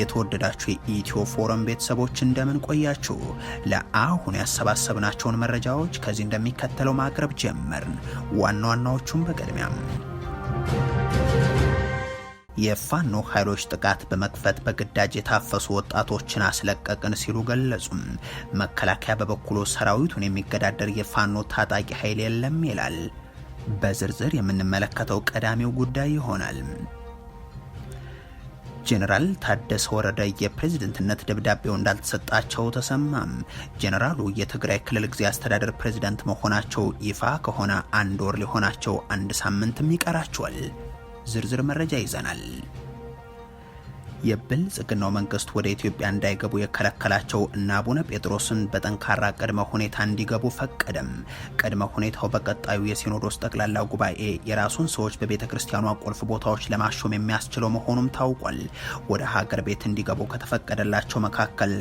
የተወደዳችሁ የኢትዮ ፎረም ቤተሰቦች እንደምን ቆያችሁ? ለአሁን ያሰባሰብናቸውን መረጃዎች ከዚህ እንደሚከተለው ማቅረብ ጀመርን። ዋና ዋናዎቹም በቅድሚያም የፋኖ ኃይሎች ጥቃት በመክፈት በግዳጅ የታፈሱ ወጣቶችን አስለቀቅን ሲሉ ገለጹም። መከላከያ በበኩሉ ሰራዊቱን የሚገዳደር የፋኖ ታጣቂ ኃይል የለም ይላል። በዝርዝር የምንመለከተው ቀዳሚው ጉዳይ ይሆናል። ጀነራል ታደሰ ወረደ የፕሬዝደንትነት ደብዳቤው እንዳልተሰጣቸው ተሰማም። ጀነራሉ የትግራይ ክልል ጊዜ አስተዳደር ፕሬዝዳንት መሆናቸው ይፋ ከሆነ አንድ ወር ሊሆናቸው አንድ ሳምንትም ይቀራቸዋል። ዝርዝር መረጃ ይዘናል። የብልጽግናው መንግስት ወደ ኢትዮጵያ እንዳይገቡ የከለከላቸው እነ አቡነ ጴጥሮስን በጠንካራ ቅድመ ሁኔታ እንዲገቡ ፈቀደም። ቅድመ ሁኔታው በቀጣዩ የሲኖዶስ ጠቅላላ ጉባኤ የራሱን ሰዎች በቤተ ክርስቲያኗ ቁልፍ ቦታዎች ለማሾም የሚያስችለው መሆኑም ታውቋል። ወደ ሀገር ቤት እንዲገቡ ከተፈቀደላቸው መካከል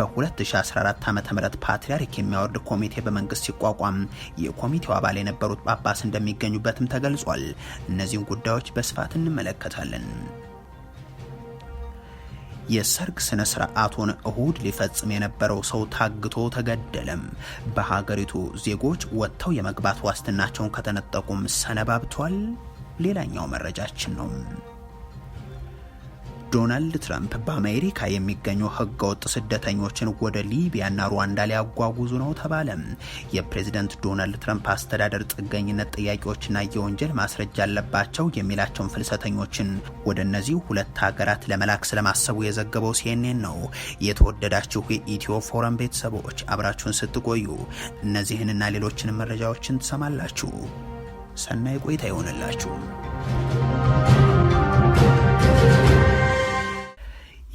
በ2014 ዓ ም ፓትርያርክ የሚያወርድ ኮሚቴ በመንግስት ሲቋቋም የኮሚቴው አባል የነበሩት ጳጳስ እንደሚገኙበትም ተገልጿል። እነዚህን ጉዳዮች በስፋት እንመለከታለን። የሰርግ ስነ ስርዓቱን እሁድ ሊፈጽም የነበረው ሰው ታግቶ ተገደለም። በሀገሪቱ ዜጎች ወጥተው የመግባት ዋስትናቸውን ከተነጠቁም ሰነባብቷል። ሌላኛው መረጃችን ነው። ዶናልድ ትራምፕ በአሜሪካ የሚገኙ ህገወጥ ስደተኞችን ወደ ሊቢያና ሩዋንዳ ሊያጓጉዙ ነው ተባለ። የፕሬዝደንት ዶናልድ ትራምፕ አስተዳደር ጥገኝነት ጥያቄዎችና የወንጀል ማስረጃ አለባቸው የሚላቸውን ፍልሰተኞችን ወደ እነዚህ ሁለት ሀገራት ለመላክ ስለማሰቡ የዘገበው ሲኤንኤን ነው። የተወደዳችሁ የኢትዮ ፎረም ቤተሰቦች አብራችሁን ስትቆዩ እነዚህንና ሌሎችን መረጃዎችን ትሰማላችሁ። ሰናይ ቆይታ ይሆንላችሁ።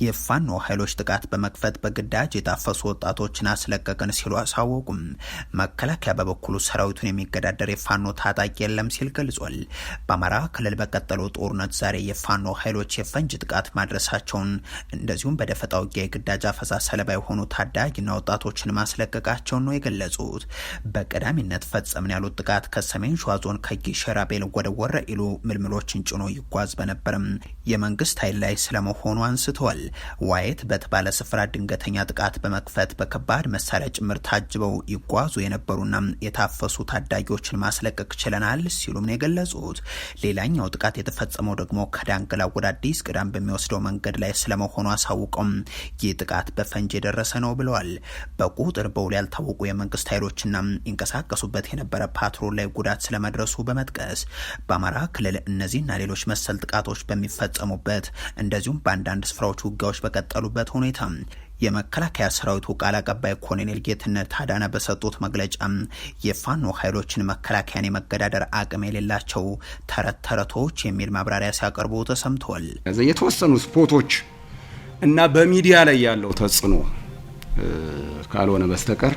የፋኖ ኃይሎች ጥቃት በመክፈት በግዳጅ የታፈሱ ወጣቶችን አስለቀቅን ሲሉ አሳወቁም። መከላከያ በበኩሉ ሰራዊቱን የሚገዳደር የፋኖ ታጣቂ የለም ሲል ገልጿል። በአማራ ክልል በቀጠለው ጦርነት ዛሬ የፋኖ ኃይሎች የፈንጅ ጥቃት ማድረሳቸውን እንደዚሁም በደፈጣ ውጊያ የግዳጅ አፈሳ ሰለባ የሆኑ ታዳጊና ወጣቶችን ማስለቀቃቸውን ነው የገለጹት። በቀዳሚነት ፈጸምን ያሉት ጥቃት ከሰሜን ሸዋ ዞን ከጊሸራቤል ወደ ወረ ኢሉ ምልምሎችን ጭኖ ይጓዝ በነበርም የመንግስት ኃይል ላይ ስለመሆኑ አንስተዋል። ዋየት በተባለ ስፍራ ድንገተኛ ጥቃት በመክፈት በከባድ መሳሪያ ጭምር ታጅበው ይጓዙ የነበሩና የታፈሱ ታዳጊዎችን ማስለቀቅ ችለናል ሲሉም ነው የገለጹት። ሌላኛው ጥቃት የተፈጸመው ደግሞ ከዳንግላ ወደ አዲስ ቅዳም በሚወስደው መንገድ ላይ ስለመሆኑ አሳውቀውም ይህ ጥቃት በፈንጅ የደረሰ ነው ብለዋል። በቁጥር በውል ያልታወቁ የመንግስት ኃይሎችና ይንቀሳቀሱበት የነበረ ፓትሮል ላይ ጉዳት ስለመድረሱ በመጥቀስ በአማራ ክልል እነዚህና ሌሎች መሰል ጥቃቶች በሚፈጸሙበት እንደዚሁም በአንዳንድ ስፍራዎች ውጊያዎች በቀጠሉበት ሁኔታ የመከላከያ ሰራዊቱ ቃል አቀባይ ኮሎኔል ጌትነት ታዳነ በሰጡት መግለጫ የፋኖ ኃይሎችን መከላከያን የመገዳደር አቅም የሌላቸው ተረት ተረቶች የሚል ማብራሪያ ሲያቀርቡ ተሰምተዋል። የተወሰኑ ስፖቶች እና በሚዲያ ላይ ያለው ተጽዕኖ ካልሆነ በስተቀር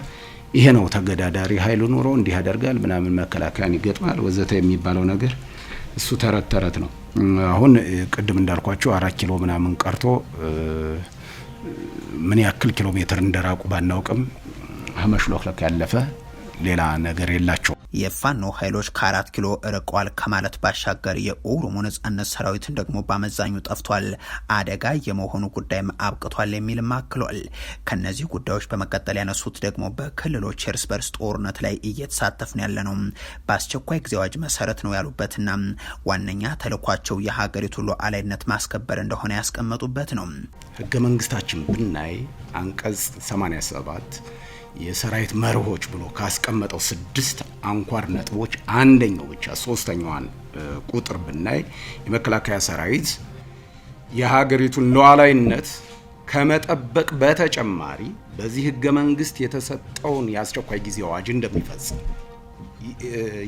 ይሄ ነው ተገዳዳሪ ኃይሉ ኑሮ እንዲህ ያደርጋል ምናምን መከላከያን ይገጥማል ወዘተ የሚባለው ነገር እሱ ተረት ተረት ነው። አሁን ቅድም እንዳልኳቸው አራት ኪሎ ምናምን ቀርቶ ምን ያክል ኪሎ ሜትር እንደራቁ ባናውቅም ህመሽሎክለክ ያለፈ ሌላ ነገር የላቸው። የፋኖ ኃይሎች ከአራት ኪሎ ርቀዋል ከማለት ባሻገር የኦሮሞ ነጻነት ሰራዊትን ደግሞ በአመዛኙ ጠፍቷል፣ አደጋ የመሆኑ ጉዳይም አብቅቷል የሚልም አክሏል። ከነዚህ ጉዳዮች በመቀጠል ያነሱት ደግሞ በክልሎች እርስ በርስ ጦርነት ላይ እየተሳተፍን ያለ ነው፣ በአስቸኳይ ጊዜ አዋጅ መሰረት ነው ያሉበትና ዋነኛ ተልኳቸው የሀገሪቱ ሉዓላዊነት ማስከበር እንደሆነ ያስቀመጡበት ነው። ህገ መንግስታችን ብናይ አንቀጽ 87 የሰራዊት መርሆች ብሎ ካስቀመጠው ስድስት አንኳር ነጥቦች አንደኛው ብቻ ሶስተኛዋን ቁጥር ብናይ የመከላከያ ሰራዊት የሀገሪቱን ሉዓላዊነት ከመጠበቅ በተጨማሪ በዚህ ህገ መንግስት የተሰጠውን የአስቸኳይ ጊዜ አዋጅ እንደሚፈጽም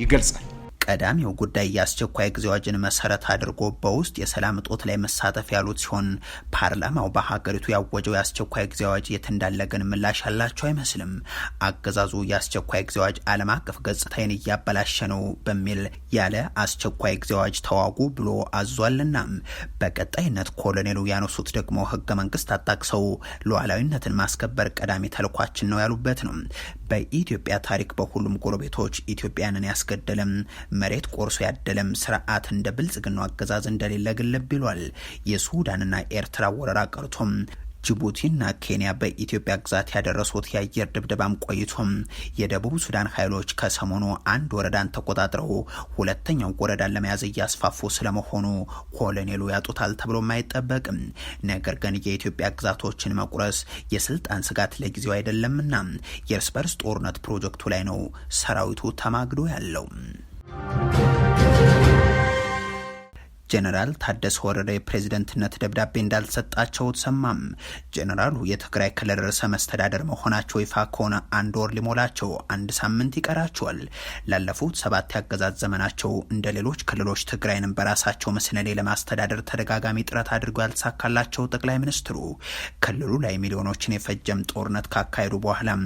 ይገልጻል። ቀዳሚው ጉዳይ የአስቸኳይ ጊዜ አዋጅን መሰረት አድርጎ በውስጥ የሰላም እጦት ላይ መሳተፍ ያሉት ሲሆን ፓርላማው በሀገሪቱ ያወጀው የአስቸኳይ ጊዜ አዋጅ የት እንዳለ ግን ምላሽ ያላቸው አይመስልም። አገዛዙ የአስቸኳይ ጊዜ አዋጅ ዓለም አቀፍ ገጽታዬን እያበላሸ ነው በሚል ያለ አስቸኳይ ጊዜ አዋጅ ተዋጉ ብሎ አዟልና በቀጣይነት ኮሎኔሉ ያነሱት ደግሞ ህገ መንግስት አጣቅሰው ሉዓላዊነትን ማስከበር ቀዳሚ ተልኳችን ነው ያሉበት ነው። በኢትዮጵያ ታሪክ በሁሉም ጎረቤቶች ኢትዮጵያንን ያስገደለም መሬት ቆርሶ ያደለም ስርዓት እንደ ብልጽግናው አገዛዝ እንደሌለ ግልብ ይሏል። የሱዳንና ኤርትራ ወረራ ቀርቶም ጅቡቲና ኬንያ በኢትዮጵያ ግዛት ያደረሱት የአየር ድብደባም ቆይቶም የደቡብ ሱዳን ኃይሎች ከሰሞኑ አንድ ወረዳን ተቆጣጥረው ሁለተኛው ወረዳን ለመያዝ እያስፋፉ ስለመሆኑ ኮሎኔሉ ያጡታል ተብሎም አይጠበቅም። ነገር ግን የኢትዮጵያ ግዛቶችን መቁረስ የስልጣን ስጋት ለጊዜው አይደለምና የእርስ በርስ ጦርነት ፕሮጀክቱ ላይ ነው ሰራዊቱ ተማግዶ ያለው። ጀነራል ታደሰ ወረደ የፕሬዝደንትነት ደብዳቤ እንዳልሰጣቸው ሰማም ጀነራሉ የትግራይ ክልል ርዕሰ መስተዳደር መሆናቸው ይፋ ከሆነ አንድ ወር ሊሞላቸው አንድ ሳምንት ይቀራቸዋል። ላለፉት ሰባት ያገዛዝ ዘመናቸው እንደ ሌሎች ክልሎች ትግራይንም በራሳቸው መስነሌ ለማስተዳደር ተደጋጋሚ ጥረት አድርጎ ያልሳካላቸው ጠቅላይ ሚኒስትሩ ክልሉ ላይ ሚሊዮኖችን የፈጀም ጦርነት ካካሄዱ በኋላም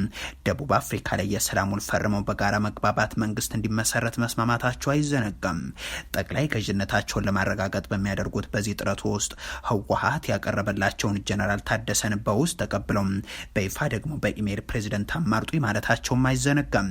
ደቡብ አፍሪካ ላይ የሰላሙን ፈርመው በጋራ መግባባት መንግስት እንዲመሰረት መስማማታቸው አይዘነጋም። ጠቅላይ ገዥነታቸውን ለማ ለማረጋገጥ በሚያደርጉት በዚህ ጥረት ውስጥ ህወሀት ያቀረበላቸውን ጀነራል ታደሰን በውስጥ ተቀብለው በይፋ ደግሞ በኢሜይል ፕሬዚደንት አማርጡ ማለታቸውም አይዘነጋም።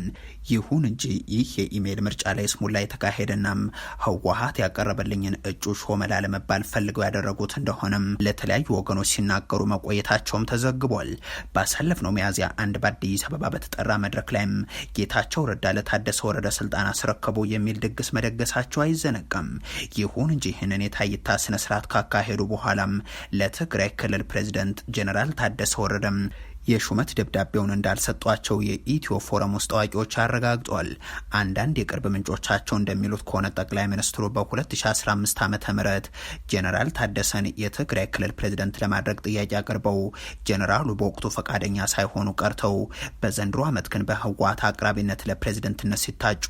ይሁን እንጂ ይህ የኢሜይል ምርጫ ላይ ስሙላ የተካሄደናም ህወሀት ያቀረበልኝን እጩ ሾመላ ለመባል ፈልገው ያደረጉት እንደሆነም ለተለያዩ ወገኖች ሲናገሩ መቆየታቸውም ተዘግቧል። ባሳለፍነው ሚያዝያ አንድ በአዲስ አበባ በተጠራ መድረክ ላይም ጌታቸው ረዳ ለታደሰ ወረደ ስልጣን አስረከቡ የሚል ድግስ መደገሳቸው አይዘነጋም። ይሁን እንጂ ይህንን የታይታ ስነስርዓት ካካሄዱ በኋላም ለትግራይ ክልል ፕሬዚደንት ጀኔራል ታደሰ ወረደም የሹመት ደብዳቤውን እንዳልሰጧቸው የኢትዮ ፎረም ውስጥ አዋቂዎች አረጋግጧል። አንዳንድ የቅርብ ምንጮቻቸው እንደሚሉት ከሆነ ጠቅላይ ሚኒስትሩ በ2015 ዓ ም ጀነራል ታደሰን የትግራይ ክልል ፕሬዝደንት ለማድረግ ጥያቄ አቅርበው ጀነራሉ በወቅቱ ፈቃደኛ ሳይሆኑ ቀርተው በዘንድሮ ዓመት ግን በህወሓት አቅራቢነት ለፕሬዝደንትነት ሲታጩ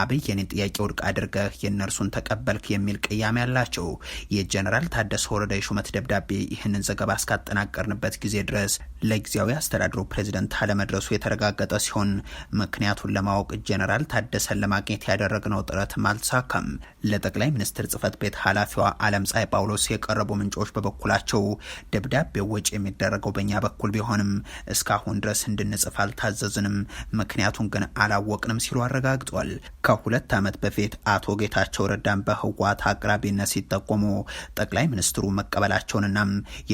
አብይ የኔን ጥያቄ ውድቅ አድርገህ የእነርሱን ተቀበልክ የሚል ቅያሜ ያላቸው የጄኔራል ታደሰ ወረደ የሹመት ደብዳቤ ይህንን ዘገባ እስካጠናቀርንበት ጊዜ ድረስ ለጊዜያዊ የጊዜያዊ አስተዳድሩ ፕሬዚደንት አለመድረሱ የተረጋገጠ ሲሆን ምክንያቱን ለማወቅ ጀኔራል ታደሰን ለማግኘት ያደረግነው ጥረትም አልተሳካም። ለጠቅላይ ሚኒስትር ጽህፈት ቤት ኃላፊዋ አለም ፀሐይ ጳውሎስ የቀረቡ ምንጮች በበኩላቸው ደብዳቤው ወጪ የሚደረገው በእኛ በኩል ቢሆንም እስካሁን ድረስ እንድንጽፍ አልታዘዝንም፣ ምክንያቱን ግን አላወቅንም ሲሉ አረጋግጧል። ከሁለት ዓመት በፊት አቶ ጌታቸው ረዳን በህወሓት አቅራቢነት ሲጠቆሙ ጠቅላይ ሚኒስትሩ መቀበላቸውንና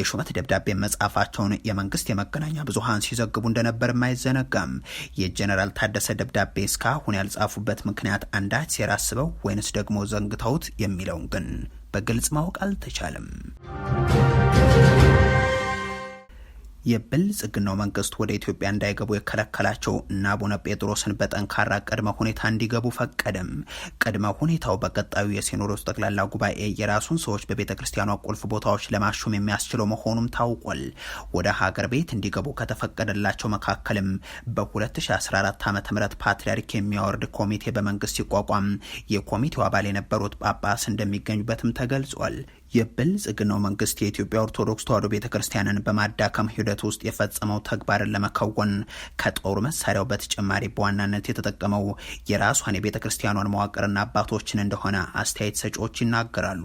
የሹመት ደብዳቤ መጻፋቸውን የመንግስት የመገናኛ መገናኛ ብዙሀን ሲዘግቡ እንደነበር አይዘነጋም። የጀነራል ታደሰ ደብዳቤ እስካሁን ያልጻፉበት ምክንያት አንዳች ሴራ አስበው ወይንስ ደግሞ ዘንግተውት የሚለውን ግን በግልጽ ማወቅ አልተቻለም። የብልጽግናው መንግስት ወደ ኢትዮጵያ እንዳይገቡ የከለከላቸው እና አቡነ ጴጥሮስን በጠንካራ ቅድመ ሁኔታ እንዲገቡ ፈቀደም። ቅድመ ሁኔታው በቀጣዩ የሲኖዶስ ጠቅላላ ጉባኤ የራሱን ሰዎች በቤተ ክርስቲያኗ ቁልፍ ቦታዎች ለማሾም የሚያስችለው መሆኑም ታውቋል። ወደ ሀገር ቤት እንዲገቡ ከተፈቀደላቸው መካከልም በ2014 ዓ ም ፓትርያርክ የሚያወርድ ኮሚቴ በመንግስት ሲቋቋም የኮሚቴው አባል የነበሩት ጳጳስ እንደሚገኙበትም ተገልጿል። የብልጽግናው መንግስት የኢትዮጵያ ኦርቶዶክስ ተዋሕዶ ቤተ ክርስቲያንን በማዳከም ሂደት ውስጥ የፈጸመው ተግባርን ለመከወን ከጦር መሳሪያው በተጨማሪ በዋናነት የተጠቀመው የራሷን የቤተ ክርስቲያኗን መዋቅርና አባቶችን እንደሆነ አስተያየት ሰጪዎች ይናገራሉ።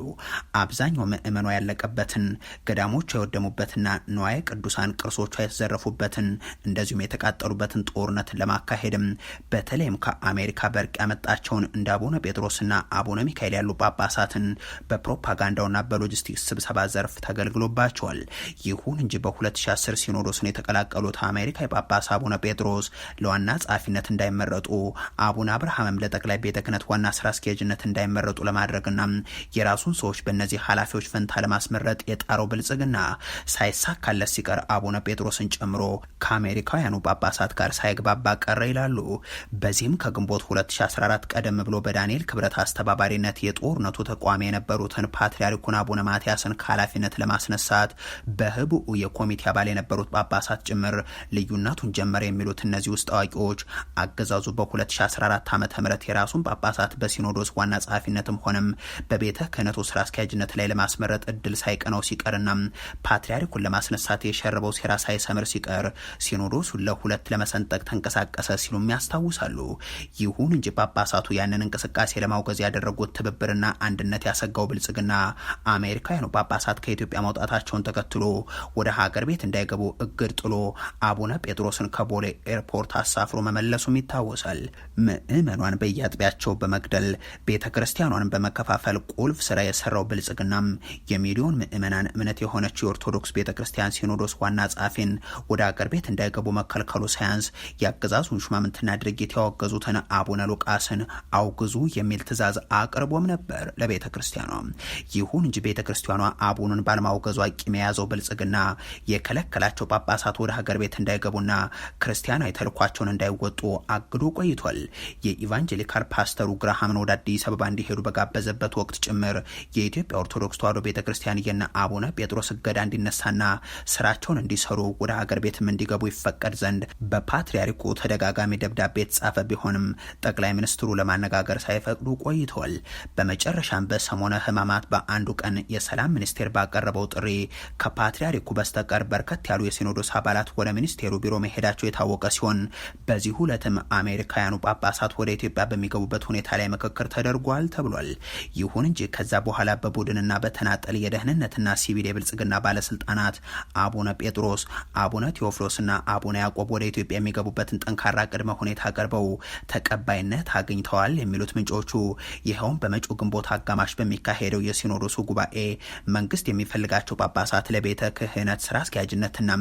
አብዛኛው ምእመኗ ያለቀበትን፣ ገዳሞቿ የወደሙበትና ንዋየ ቅዱሳን ቅርሶቿ የተዘረፉበትን እንደዚሁም የተቃጠሉበትን ጦርነት ለማካሄድም በተለይም ከአሜሪካ በርቅ ያመጣቸውን እንደ አቡነ ጴጥሮስና አቡነ ሚካኤል ያሉ ጳጳሳትን በፕሮፓጋንዳውና በ በሎጂስቲክስ ስብሰባ ዘርፍ ተገልግሎባቸዋል። ይሁን እንጂ በ2010 ሲኖዶስን የተቀላቀሉት አሜሪካ የጳጳስ አቡነ ጴጥሮስ ለዋና ጸሐፊነት እንዳይመረጡ፣ አቡነ አብርሃምም ለጠቅላይ ቤተ ክህነት ዋና ስራ አስኪያጅነት እንዳይመረጡ ለማድረግና የራሱን ሰዎች በእነዚህ ኃላፊዎች ፈንታ ለማስመረጥ የጣረው ብልጽግና ሳይሳካለት ሲቀር አቡነ ጴጥሮስን ጨምሮ ከአሜሪካውያኑ ጳጳሳት ጋር ሳይግባባ ቀረ ይላሉ። በዚህም ከግንቦት 2014 ቀደም ብሎ በዳንኤል ክብረት አስተባባሪነት የጦርነቱ ተቋሚ የነበሩትን ፓትርያርኩን አቡነ ማትያስን ከኃላፊነት ለማስነሳት በህቡዕ የኮሚቴ አባል የነበሩት ጳጳሳት ጭምር ልዩነቱን ጀመረ የሚሉት እነዚህ ውስጥ አዋቂዎች አገዛዙ በ2014 ዓ ም የራሱን ጳጳሳት በሲኖዶስ ዋና ጸሐፊነትም ሆነም በቤተ ክህነቱ ስራ አስኪያጅነት ላይ ለማስመረጥ እድል ሳይቀነው ሲቀርና ፓትርያርኩን ለማስነሳት የሸረበው ሴራ ሳይሰምር ሲቀር ሲኖዶሱን ለሁለት ለመሰንጠቅ ተንቀሳቀሰ ሲሉም ያስታውሳሉ። ይሁን እንጂ ጳጳሳቱ ያንን እንቅስቃሴ ለማውገዝ ያደረጉት ትብብርና አንድነት ያሰጋው ብልጽግና አሜሪካውያኑ ጳጳሳት ከኢትዮጵያ መውጣታቸውን ተከትሎ ወደ ሀገር ቤት እንዳይገቡ እግድ ጥሎ አቡነ ጴጥሮስን ከቦሌ ኤርፖርት አሳፍሮ መመለሱም ይታወሳል። ምዕመኗን በየአጥቢያቸው በመግደል ቤተ ክርስቲያኗን በመከፋፈል ቁልፍ ስራ የሰራው ብልጽግናም የሚሊዮን ምዕመናን እምነት የሆነች የኦርቶዶክስ ቤተ ክርስቲያን ሲኖዶስ ዋና ጸሐፊን ወደ ሀገር ቤት እንዳይገቡ መከልከሉ ሳያንስ የአገዛዙን ሹማምንትና ድርጊት ያወገዙትን አቡነ ሉቃስን አውግዙ የሚል ትዕዛዝ አቅርቦም ነበር ለቤተ ክርስቲያኗ። ይሁን እንጂ ቤተ ክርስቲያኗ አቡኑን ባለማውገዟ ቂም የያዘው ብልጽግና የከለከላቸው ጳጳሳት ወደ ሀገር ቤት እንዳይገቡና ክርስቲያናዊ ተልኳቸውን እንዳይወጡ አግዶ ቆይቷል። የኢቫንጀሊካል ፓስተሩ ግራሃምን ወደ አዲስ አበባ እንዲሄዱ በጋበዘበት ወቅት ጭምር የኢትዮጵያ ኦርቶዶክስ ተዋሕዶ ቤተ ክርስቲያን የነ አቡነ ጴጥሮስ እገዳ እንዲነሳና ስራቸውን እንዲሰሩ ወደ ሀገር ቤትም እንዲገቡ ይፈቀድ ዘንድ በፓትርያርኩ ተደጋጋሚ ደብዳቤ የተጻፈ ቢሆንም ጠቅላይ ሚኒስትሩ ለማነጋገር ሳይፈቅዱ ቆይተዋል። በመጨረሻም በሰሞነ ህማማት በአንዱ ቀን ቀን የሰላም ሚኒስቴር ባቀረበው ጥሪ ከፓትርያርኩ በስተቀር በርከት ያሉ የሲኖዶስ አባላት ወደ ሚኒስቴሩ ቢሮ መሄዳቸው የታወቀ ሲሆን በዚሁ ዕለትም አሜሪካውያኑ ጳጳሳት ወደ ኢትዮጵያ በሚገቡበት ሁኔታ ላይ ምክክር ተደርጓል ተብሏል። ይሁን እንጂ ከዛ በኋላ በቡድንና በተናጠል የደህንነትና ሲቪል የብልጽግና ባለስልጣናት አቡነ ጴጥሮስ፣ አቡነ ቴዎፍሎስና አቡነ ያዕቆብ ወደ ኢትዮጵያ የሚገቡበትን ጠንካራ ቅድመ ሁኔታ ቀርበው ተቀባይነት አግኝተዋል የሚሉት ምንጮቹ ይኸውም በመጪው ግንቦት አጋማሽ በሚካሄደው የሲኖዶሱ ጉባኤ መንግስት የሚፈልጋቸው ጳጳሳት ለቤተ ክህነት ስራ አስኪያጅነትና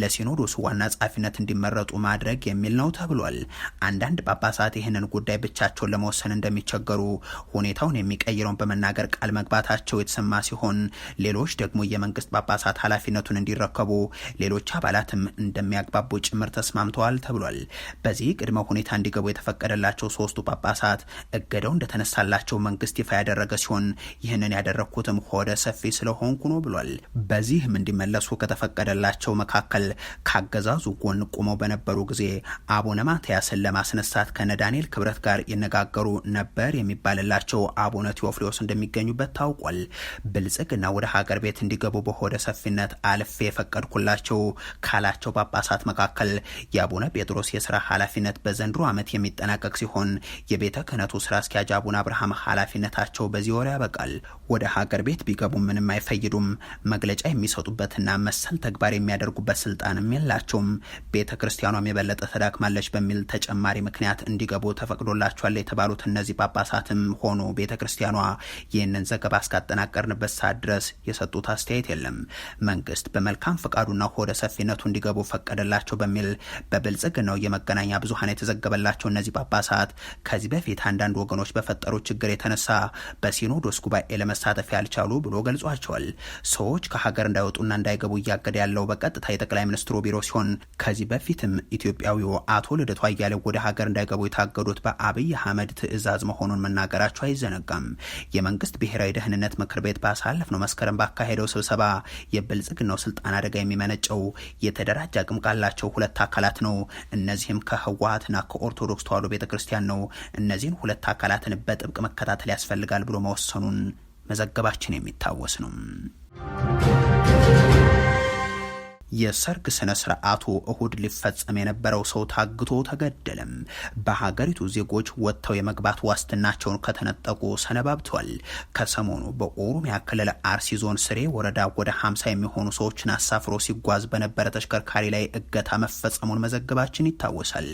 ለሲኖዶሱ ዋና ጸሐፊነት እንዲመረጡ ማድረግ የሚል ነው ተብሏል። አንዳንድ ጳጳሳት ይህንን ጉዳይ ብቻቸውን ለመወሰን እንደሚቸገሩ ሁኔታውን የሚቀይረውን በመናገር ቃል መግባታቸው የተሰማ ሲሆን ሌሎች ደግሞ የመንግስት ጳጳሳት ኃላፊነቱን እንዲረከቡ ሌሎች አባላትም እንደሚያግባቡ ጭምር ተስማምተዋል ተብሏል። በዚህ ቅድመ ሁኔታ እንዲገቡ የተፈቀደላቸው ሶስቱ ጳጳሳት እገዳው እንደተነሳላቸው መንግስት ይፋ ያደረገ ሲሆን ይህንን ያደረግኩትም ሆደ ሰፊ ስለሆንኩ ነው ብሏል። በዚህም እንዲመለሱ ከተፈቀደላቸው መካከል ካገዛዙ ጎን ቆመው በነበሩ ጊዜ አቡነ ማትያስን ለማስነሳት ከነ ዳንኤል ክብረት ጋር ይነጋገሩ ነበር የሚባልላቸው አቡነ ቴዎፍሌዎስ እንደሚገኙበት ታውቋል። ብልጽግና ወደ ሀገር ቤት እንዲገቡ በሆደ ሰፊነት አልፌ የፈቀድኩላቸው ካላቸው ጳጳሳት መካከል የአቡነ ጴጥሮስ የስራ ኃላፊነት በዘንድሮ ዓመት የሚጠናቀቅ ሲሆን የቤተ ክህነቱ ስራ አስኪያጅ አቡነ አብርሃም ኃላፊነታቸው በዚህ ወር ያበቃል። ወደ ሀገር ቤት ቤት ቢገቡ ምንም አይፈይዱም። መግለጫ የሚሰጡበትና መሰል ተግባር የሚያደርጉበት ስልጣንም የላቸውም። ቤተ ክርስቲያኗም የበለጠ ተዳክማለች በሚል ተጨማሪ ምክንያት እንዲገቡ ተፈቅዶላቸዋል የተባሉት እነዚህ ጳጳሳትም ሆኑ ቤተ ክርስቲያኗ ይህንን ዘገባ እስካጠናቀርንበት ሰዓት ድረስ የሰጡት አስተያየት የለም። መንግስት በመልካም ፈቃዱና ሆደ ሰፊነቱ እንዲገቡ ፈቀደላቸው በሚል በብልጽግናው የመገናኛ ብዙሀን የተዘገበላቸው እነዚህ ጳጳሳት ከዚህ በፊት አንዳንድ ወገኖች በፈጠሩ ችግር የተነሳ በሲኖዶስ ጉባኤ ለመሳተፍ ያልቻሉ ይችላሉ ብሎ ገልጿቸዋል። ሰዎች ከሀገር እንዳይወጡና እንዳይገቡ እያገደ ያለው በቀጥታ የጠቅላይ ሚኒስትሩ ቢሮ ሲሆን ከዚህ በፊትም ኢትዮጵያዊው አቶ ልደቱ አያሌው ወደ ሀገር እንዳይገቡ የታገዱት በአብይ አህመድ ትዕዛዝ መሆኑን መናገራቸው አይዘነጋም። የመንግስት ብሔራዊ ደህንነት ምክር ቤት ባሳለፍነው መስከረም ባካሄደው ስብሰባ የብልጽግናው ስልጣን አደጋ የሚመነጨው የተደራጀ አቅም ቃላቸው ሁለት አካላት ነው። እነዚህም ከህወሀትና ከኦርቶዶክስ ተዋህዶ ቤተክርስቲያን ነው። እነዚህን ሁለት አካላትን በጥብቅ መከታተል ያስፈልጋል ብሎ መወሰኑን መዘገባችን የሚታወስ ነው። የሰርግ ስነ ስርዓቱ እሁድ ሊፈጸም የነበረው ሰው ታግቶ ተገደለም። በሀገሪቱ ዜጎች ወጥተው የመግባት ዋስትናቸውን ከተነጠቁ ሰነባብተዋል። ከሰሞኑ በኦሮሚያ ክልል አርሲ ዞን ስሬ ወረዳ ወደ 50 የሚሆኑ ሰዎችን አሳፍሮ ሲጓዝ በነበረ ተሽከርካሪ ላይ እገታ መፈጸሙን መዘገባችን ይታወሳል።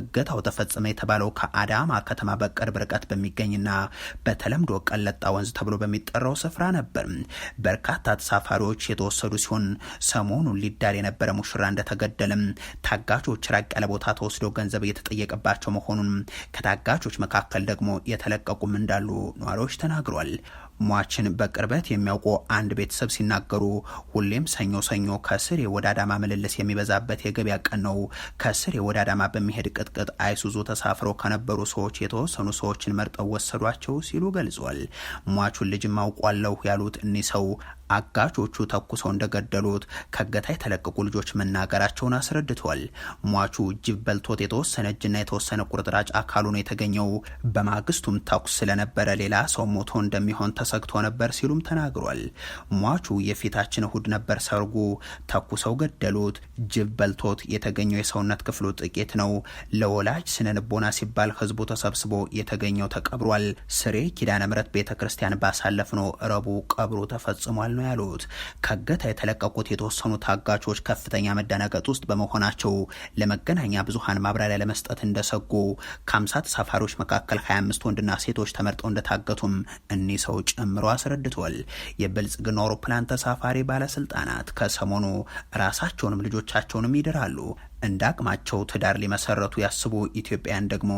እገታው ተፈጸመ የተባለው ከአዳማ ከተማ በቅርብ ርቀት በሚገኝና በተለምዶ ቀለጣ ወንዝ ተብሎ በሚጠራው ስፍራ ነበር። በርካታ ተሳፋሪዎች የተወሰዱ ሲሆን ሰሞኑን አበዳሪ የነበረ ሙሽራ እንደተገደለም ታጋቾች ራቅ ያለ ቦታ ተወስዶ ገንዘብ እየተጠየቀባቸው መሆኑን ከታጋቾች መካከል ደግሞ የተለቀቁም እንዳሉ ነዋሪዎች ተናግሯል። ሟችን በቅርበት የሚያውቁ አንድ ቤተሰብ ሲናገሩ ሁሌም ሰኞ ሰኞ ከስር ወደ አዳማ ምልልስ የሚበዛበት የገበያ ቀን ነው። ከስር ወደ አዳማ በሚሄድ ቅጥቅጥ አይሱዙ ተሳፍረው ከነበሩ ሰዎች የተወሰኑ ሰዎችን መርጠው ወሰዷቸው ሲሉ ገልጿል። ሟቹን ልጅም አውቋለሁ ያሉት እኒህ ሰው አጋቾቹ ተኩሰው እንደገደሉት ከገታ የተለቀቁ ልጆች መናገራቸውን አስረድቷል። ሟቹ ጅብ በልቶት የተወሰነ እጅና የተወሰነ ቁርጥራጭ አካሉ ነው የተገኘው። በማግስቱም ተኩስ ስለነበረ ሌላ ሰው ሞቶ እንደሚሆን ተሰግቶ ነበር ሲሉም ተናግሯል። ሟቹ የፊታችን እሁድ ነበር ሰርጉ። ተኩሰው ገደሉት። ጅብ በልቶት የተገኘው የሰውነት ክፍሉ ጥቂት ነው። ለወላጅ ስነ ልቦና ሲባል ህዝቡ ተሰብስቦ የተገኘው ተቀብሯል። ስሬ ኪዳነ ምሕረት ቤተ ክርስቲያን ባሳለፍ ነው ረቡ ቀብሩ ተፈጽሟል። ነው ያሉት። ከእገታ የተለቀቁት የተወሰኑ ታጋቾች ከፍተኛ መደናገጥ ውስጥ በመሆናቸው ለመገናኛ ብዙሃን ማብራሪያ ለመስጠት እንደሰጉ ከአምሳ ተሳፋሪዎች መካከል 25 ወንድና ሴቶች ተመርጠው እንደታገቱም እኒህ ሰው ጨምሮ አስረድቷል። የብልጽግና አውሮፕላን ተሳፋሪ ባለስልጣናት ከሰሞኑ ራሳቸውንም ልጆቻቸውንም ይድራሉ እንደ አቅማቸው ትዳር ሊመሰረቱ ያስቡ ኢትዮጵያን ደግሞ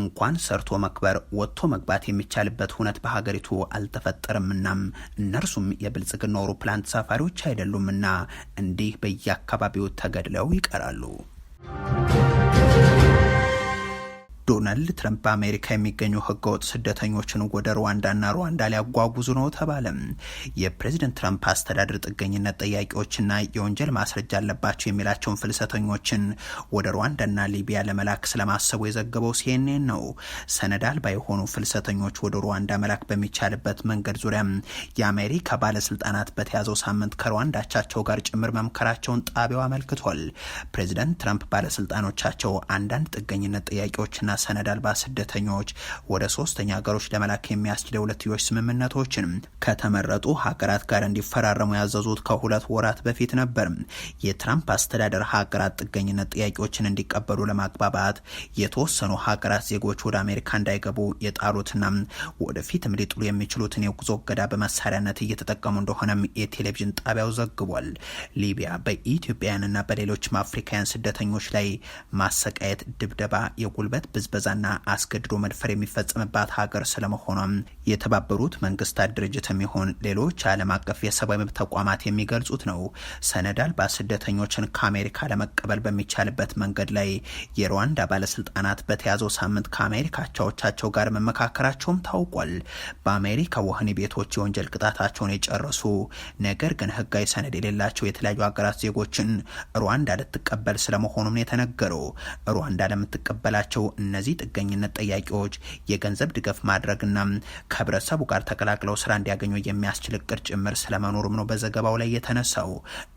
እንኳን ሰርቶ መክበር ወጥቶ መግባት የሚቻልበት ሁነት በሀገሪቱ አልተፈጠረምናም እነርሱም የብልጽግና አውሮፕላን ተሳፋሪዎች አይደሉምና እንዲህ በየአካባቢው ተገድለው ይቀራሉ። ዶናልድ ትረምፕ በአሜሪካ የሚገኙ ህገወጥ ስደተኞችን ወደ ሩዋንዳና ሩዋንዳ ሊያጓጉዙ ነው ተባለ። የፕሬዚደንት ትረምፕ አስተዳደር ጥገኝነት ጠያቂዎችና የወንጀል ማስረጃ አለባቸው የሚላቸውን ፍልሰተኞችን ወደ ሩዋንዳና ሊቢያ ለመላክ ስለማሰቡ የዘገበው ሲኤንኤን ነው። ሰነድ አልባ የሆኑ ፍልሰተኞች ወደ ሩዋንዳ መላክ በሚቻልበት መንገድ ዙሪያ የአሜሪካ ባለስልጣናት በተያዘው ሳምንት ከሩዋንዳቻቸው ጋር ጭምር መምከራቸውን ጣቢያው አመልክቷል። ፕሬዚደንት ትረምፕ ባለስልጣኖቻቸው አንዳንድ ጥገኝነት ጥያቄዎችና ሰነድ አልባ ስደተኞች ወደ ሶስተኛ ሀገሮች ለመላክ የሚያስችል የሁለትዮሽ ስምምነቶችን ከተመረጡ ሀገራት ጋር እንዲፈራረሙ ያዘዙት ከሁለት ወራት በፊት ነበር። የትራምፕ አስተዳደር ሀገራት ጥገኝነት ጥያቄዎችን እንዲቀበሉ ለማግባባት የተወሰኑ ሀገራት ዜጎች ወደ አሜሪካ እንዳይገቡ የጣሉትና ወደፊትም ሊጥሉ የሚችሉትን የጉዞ እገዳ በመሳሪያነት እየተጠቀሙ እንደሆነም የቴሌቪዥን ጣቢያው ዘግቧል። ሊቢያ በኢትዮጵያውያንና በሌሎችም አፍሪካውያን ስደተኞች ላይ ማሰቃየት፣ ድብደባ፣ የጉልበት ብዝ ብዝበዛና አስገድዶ መድፈር የሚፈጸምባት ሀገር ስለመሆኗም የተባበሩት መንግስታት ድርጅት የሚሆን ሌሎች ዓለም አቀፍ የሰብአዊ መብት ተቋማት የሚገልጹት ነው። ሰነድ አልባ ስደተኞችን ከአሜሪካ ለመቀበል በሚቻልበት መንገድ ላይ የሩዋንዳ ባለስልጣናት በተያዘው ሳምንት ከአሜሪካ አቻዎቻቸው ጋር መመካከራቸውም ታውቋል። በአሜሪካ ወህኒ ቤቶች የወንጀል ቅጣታቸውን የጨረሱ ነገር ግን ህጋዊ ሰነድ የሌላቸው የተለያዩ ሀገራት ዜጎችን ሩዋንዳ ልትቀበል ስለመሆኑም የተነገረው ሩዋንዳ ለምትቀበላቸው እነዚህ ጥገኝነት ጠያቂዎች የገንዘብ ድጋፍ ማድረግና ከህብረተሰቡ ጋር ተቀላቅለው ስራ እንዲያገኙ የሚያስችል እቅድ ጭምር ስለመኖሩም ነው በዘገባው ላይ የተነሳው።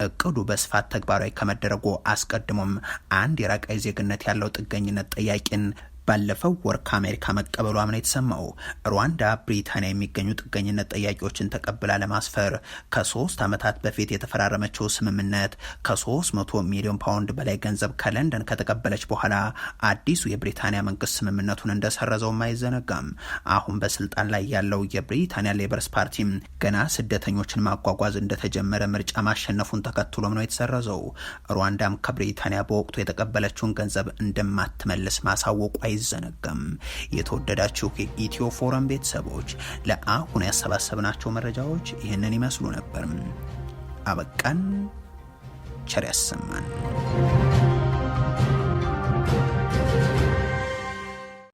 እቅዱ በስፋት ተግባራዊ ከመደረጉ አስቀድሞም አንድ የራቃይ ዜግነት ያለው ጥገኝነት ጠያቂን ባለፈው ወር ከአሜሪካ መቀበሏም ነው የተሰማው። ሩዋንዳ ብሪታንያ የሚገኙ ጥገኝነት ጠያቂዎችን ተቀብላ ለማስፈር ከሶስት ዓመታት በፊት የተፈራረመችው ስምምነት ከ300 ሚሊዮን ፓውንድ በላይ ገንዘብ ከለንደን ከተቀበለች በኋላ አዲሱ የብሪታንያ መንግስት ስምምነቱን እንደሰረዘውም አይዘነጋም። አሁን በስልጣን ላይ ያለው የብሪታንያ ሌበርስ ፓርቲም ገና ስደተኞችን ማጓጓዝ እንደተጀመረ ምርጫ ማሸነፉን ተከትሎም ነው የተሰረዘው። ሩዋንዳም ከብሪታንያ በወቅቱ የተቀበለችውን ገንዘብ እንደማትመልስ ማሳወቁ አይዘ አይዘነጋም። የተወደዳችሁ የኢትዮ ፎረም ቤተሰቦች ለአሁን ያሰባሰብናቸው መረጃዎች ይህንን ይመስሉ ነበር። አበቃን። ቸር ያሰማን።